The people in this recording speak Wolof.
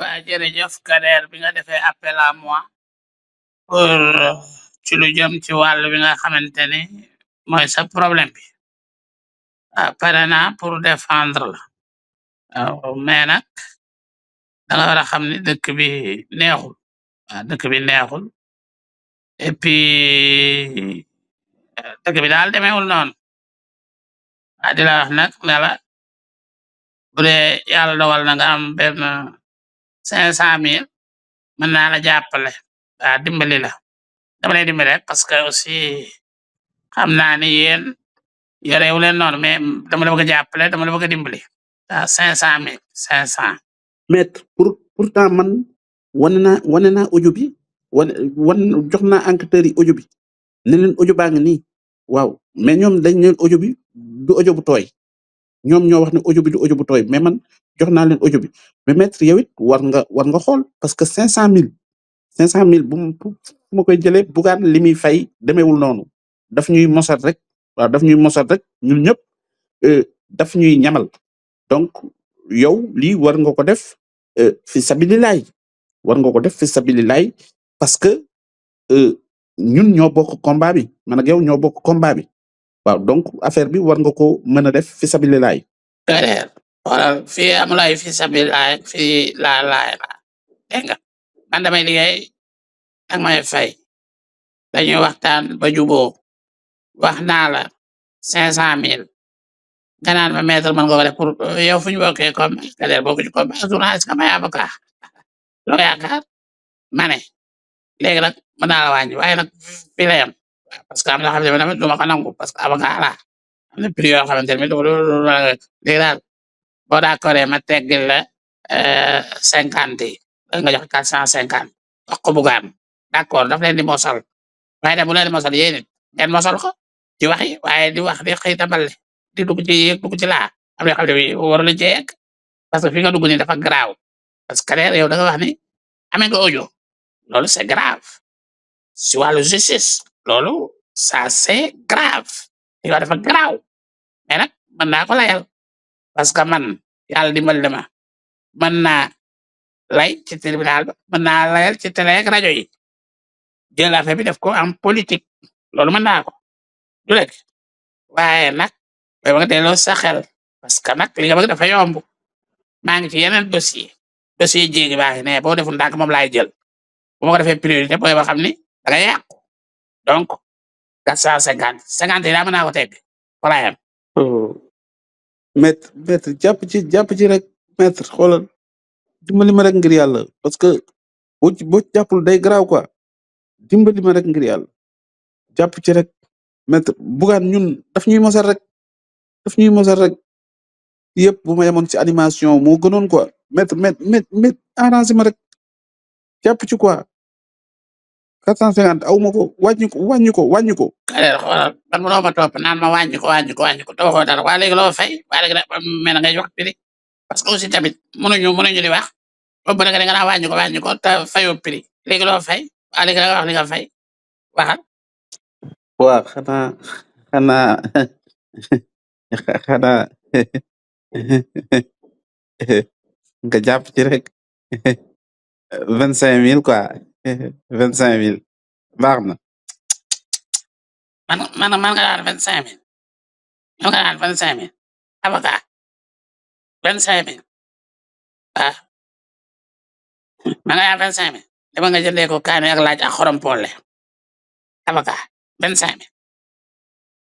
waaw jërëjëf Kader bi nga defee appel à moi pour ci lu jëm ci wàll bi nga xamante ni mooy sa problème bi ah pare naa pour défendre la waaw mais nag da nga war a xam ni dëkk bi neexul waaw dëkk bi neexul et puis dëkk bi daal demeewul noonu ah di la wax nag ne la bu dee yàlla dawal na nga am benn. cinq cent mille mën naa la jàppale waa dimbali la dama lay dimbali rek parce que aussi xam naa ni yéen yorewu leen noonu mais dama la bëgg a jàppale dama la bëgg a dimbali waa cinq cent mille cinq cent maître pour pourtant man wane naa wane naa audio bi wane wan jox naa enquêteurs yi audio bi ne leen audio baa ngi nii waaw mais ñoom dañ ne bi du audio bu tooy ñoom ñoo wax ne audio bi du audio bu tooy mais man jox naa leen audio bi mais maître yow it war nga war nga xool parce que cinq cent mille cinq cent mille bu ma koy jëlee bugaan li muy fay demeewul noonu daf ñuy mosat rek waaw daf ñuy mosat rek ñun ñëpp euh, daf ñuy ñamal donc yow lii war nga ko def euh, fi sabililaay war nga ko def fi sabililaay parce que euh, ñun ñoo bokk combat bi man ak yow ñoo bokk combat bi waaw donc affaire bi war nga ko mën a def fi sabililaay xoolal fii amulay fi sabi laay fii laa laay la dégg nga man damay may fay dañuy waxtaan ba juboo wax naa la cinq cent mille nga naan ma maître man ko def pour yow fu ñu bokkee comme salaire bokkuñu comme ka may avocat loo yaakaar ma ne léegi nag mën naa waaye nag fii la yem na xam ne tamit du ma ko nangu parce que avocat la am na prix yoo xamante ne léegi boo d'accordee ma teggil la eh, cinquante eh, yi nga jox quatre cent cinquante wax ko bugaan d'accord daf leen di mosal waaye nag bu leen di mosal yéen it ngeen mosal ko ci wax yi waaye di wax di xëy tambale di dugg ci yéeg dugg ci laa am na xam ne waru la cee parce que fi nga dugg ni dafa grave parce que leer yow da nga wax ni amé nga audio loolu c'est grave si wàllu justice loolu ça c'est grave li nga dafa grave mais nag mën naa ko layal parce que man yàlla dimbali na ma mën naa lay ci tribunal ba mën naa layal ci télé rajo yi jël affaire bi def ko am politique loolu mën naa ko du rek waaye nag ba nga delloo sa xel parce que nag li nga bëgg dafa yomb maa ngi ci yeneen dossier dossier jéegi baa ngi ne boo deful ndànk moom laay jël bu ma ko defee priorité booy ba xam ni da nga donc quatre cent cinquante cinquante yi daa mën naa ko teg maître maître jàpp ci jàpp ci rek maître xoolal dimbali ma rek ngir yàlla parce que boo ci boo day garaaw quoi dimbali ma rek ngir yàlla jàpp ci rek maître bugaan ñun daf ñuy mosal rek daf ñuy mosal rek yëpp bu ma yemoon ci animation moo gënoon quoi maître maître maître arrangé ma rek jàpp ci quoi. quatre cent cinquante aw ma ko wàññi ko wàññi ko wàññi ko. xale xoolal man munoo ma topp naan ma wàññi ko wàññi ko parce que aussi tamit mënuñu mënuñu di wax boobu nag da nga naan ah, wàññi ko wàññi ko te fayoo prix léegi loo fay waa léegi da nga wax li nga fay waxal. nga jàpp ci rek vingt cinq mille quoi. vingt cinq mille baax na. man man nga daal vingt cinq man nga daal vingt cinq mille avocat vingt cinq mille ah. man nga daal vingt cinq mille dama nga jëndee ko kaani ak laaj ak xorom poole avocat vingt cinq mille